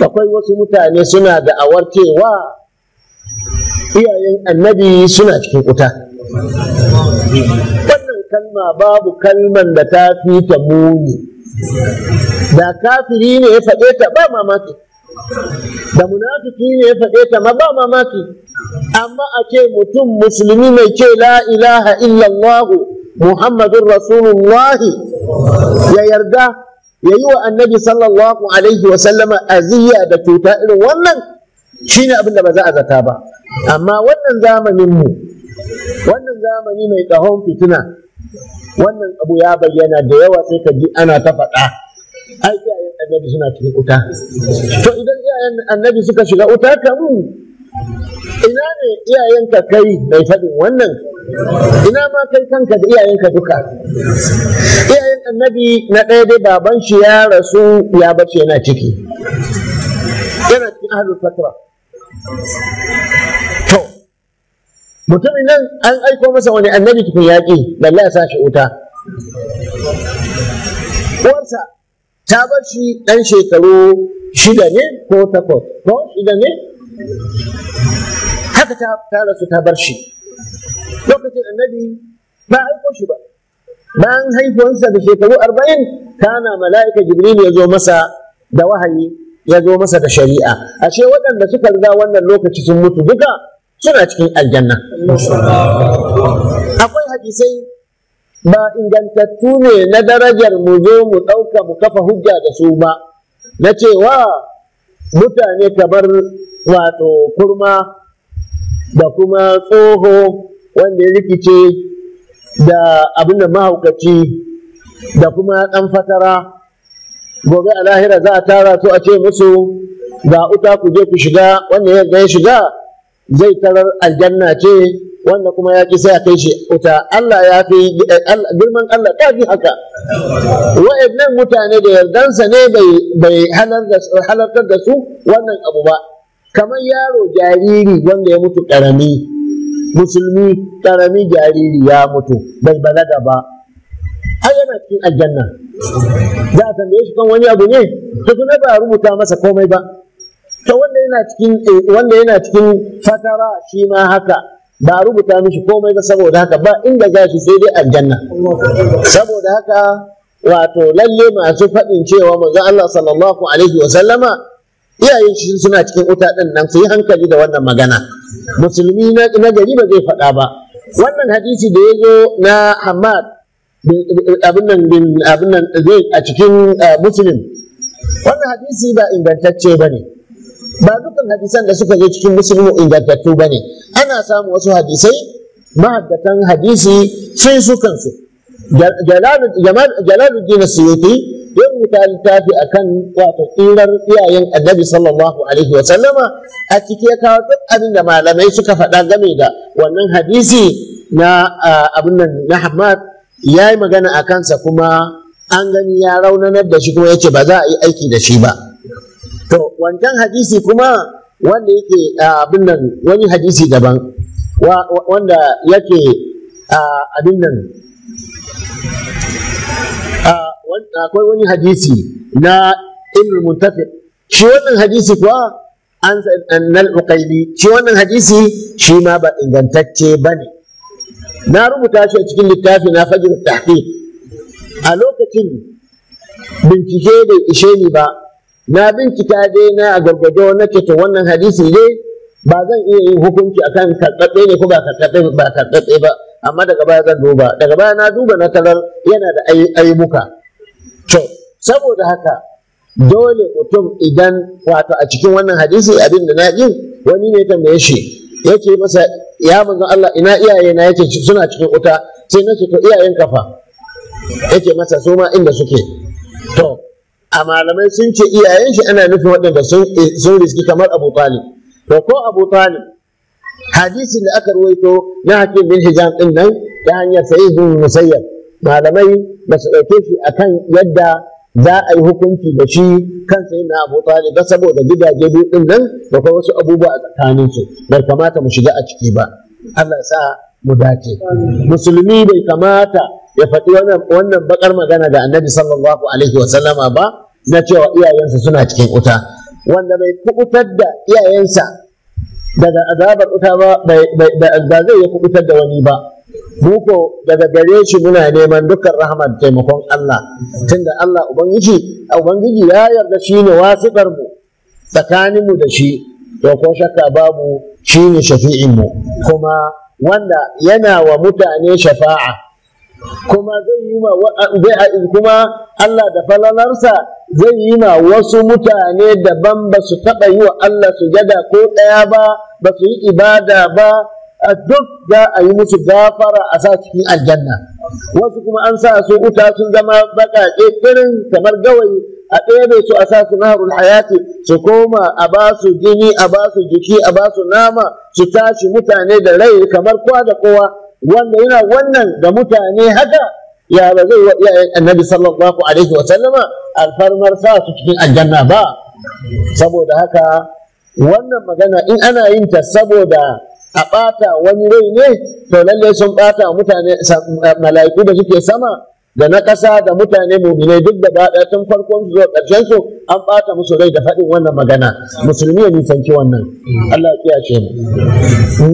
akwai wasu mutane suna da awarkewa iyayen annabi suna cikin kuta wannan kalma babu kalman da ta fi ta muni da kafiri ne ya faɗe ta ba mamaki da munafiki ne ya faɗe ta ma ba mamaki amma a ce mutum musulmi mai ce la ilaha illallahu muhammadun rasulullahi ya yarda ya yi wa annabi sallallahu alaihi wa sallama aziya da cuta irin wannan shine abin da ba za a zata ba amma wannan zamanin mu wannan zamani mai ƙahon fitina wannan abu ya bayyana da yawa sai ka ji ana ta faɗa ai iyayen annabi suna cikin wuta to idan iyayen annabi suka shiga wuta kamu ina ne iyayenka kai mai faɗin wannan ina ma kai kanka da iyayenka duka iyayen annabi na ɗaya dai baban shi ya rasu ya bace yana ciki yana cikin ahlul fatra to mutumin nan an aiko masa wani annabi tukun yaƙi balle ya sa wuta uwarsa ta bar shi ɗan shekaru shida ne ko takwas ko shida ne haka ta rasu ta bar shi lokacin annabi ba aiko shi ba bayan haifuwansa da shekaru arba'in kana mala'ika jibril ya zo masa da wahayi ya zo masa da shari'a ashe waɗanda suka riga wannan lokaci sun mutu duka suna cikin aljanna akwai hadisai ba ingantattu ne na darajar mu zo mu ɗauka mu kafa hujja da su ba na cewa mutane kamar wato kurma da kuma tsoho wanda ya rikice da abin da mahaukaci da kuma ɗan fatara gobe a lahira za a tara to a ce musu ga uta ku je ku shiga wanda ya ya shiga zai tarar aljanna ce wanda kuma ya ƙi sai a kai shi uta Allah ya fi girman Allah ta fi haka wa'annan mutane da yardansa ne bai halartar da su wannan abu ba kamar yaro jariri wanda ya mutu ƙarami musulmi karami jariri ya mutu bai balaga ba ai yana cikin aljanna za a tambaye shi kan wani abu ne tukuna ba a rubuta masa komai ba to wanda yana cikin eh, wanda yana cikin fatara shi ma haka ba a rubuta mishi komai ba saboda haka ba inda za shi sai dai aljanna saboda haka wato lalle masu faɗin cewa manzo Allah sallallahu alaihi wa sallama iyayen shi suna cikin wuta din nan su yi hankali da wannan magana musulmi na gari ba zai faɗa ba wannan hadisi da ya zo na hamad abin nan abin nan zai a cikin eh, musulun wannan hadisi ba ingantacce ba ne ba dukkan hadisan da suka zo cikin musulmi ingantattu ba ne ana samun wasu hadisai mahaddatan hadisi sun su kansu jalaluddin suyuti ya rubuta littafi akan wato tsirar iyayen annabi sallallahu alaihi wa a ciki ya kawo duk abin da malamai suka faɗa game da wannan hadisi na abin nan na Hamad ya yi magana a kansa kuma an gani ya raunanar da shi kuma ya ce ba za a yi aiki da shi ba to wancan hadisi kuma wanda yake abin nan wani hadisi daban wanda yake abin nan akwai wani hadisi na ibn muntafi shi wannan hadisi kuwa an annal uqaili shi wannan hadisi shi ma ba ingantacce bane na rubuta shi a cikin littafi na fajr tahqiq a lokacin bincike bai ishe ni ba na bincika dai na gargado na to wannan hadisi ne ba zan iya yin hukunci akan karɓaɓɓe ne ko ba karɓaɓɓe ba karɓaɓɓe ba amma daga baya zan duba daga baya na duba na kalar yana da ayyuka saboda haka dole mutum idan wato a cikin wannan hadisi abin da na ji wani ne tambaye shi yake masa ya manzon Allah ina iyaye na yake suna cikin wuta sai ce to iyayen kafa yake masa su ma inda suke to a malamai sun ce iyayen shi ana nufin waɗanda sun riski kamar Abu Talib to ko Abu Talib hadisin da aka ruwaito na Hakim bin Hijam din nan ta hanyar Sa'id bin Musayyab malamai ba su ɗauke shi akan yadda za a yi hukunci da shi kan sai na abu ba saboda gidaje biyu din nan da kuma wasu abubuwa a tsakanin su bai kamata mu shiga a ciki ba Allah sa mu dace musulmi bai kamata ya faɗi wannan bakar magana da annabi sallallahu alaihi wa sallama ba na cewa iyayensa suna cikin uta wanda bai kubutar da iyayensa daga azabar uta ba ba zai yi kubutar da wani ba Buko daga gare shi muna neman dukkan rahman taimakon Allah tunda Allah ubangiji ubangiji ya yarda shi ne wasiƙar mu tsakanin mu da shi to ko shakka babu shi ne shafi'in mu kuma wanda yana wa mutane shafa'a kuma zai yi ma kuma Allah da falalarsa zai yi ma wasu mutane daban ba su taɓa yi wa Allah su sujada ko ɗaya ba ba su yi ibada ba a duk za a yi musu gafara a sa cikin aljanna wasu kuma an sa su uta sun zama baƙaƙe irin kamar gawayi a ɗebe su a sa su naharul hayati su koma a ba su jini a ba su jiki a ba su nama su tashi mutane da rai kamar kwa da kowa wanda yana wannan da mutane haka ya ba zai wa iyayen annabi sallallahu alaihi wa sallama alfarmar sa su cikin aljanna ba saboda haka wannan magana in ana yin ta saboda a ɓata wani rai ne to lalle sun ɓata mutane mala'iku da suke sama da na ƙasa da mutane muminai duk da ɗaya tun farkon zuwa ƙarshen su an ɓata musu rai da faɗin wannan magana musulmi ya nisanci wannan Allah ya kiyace mu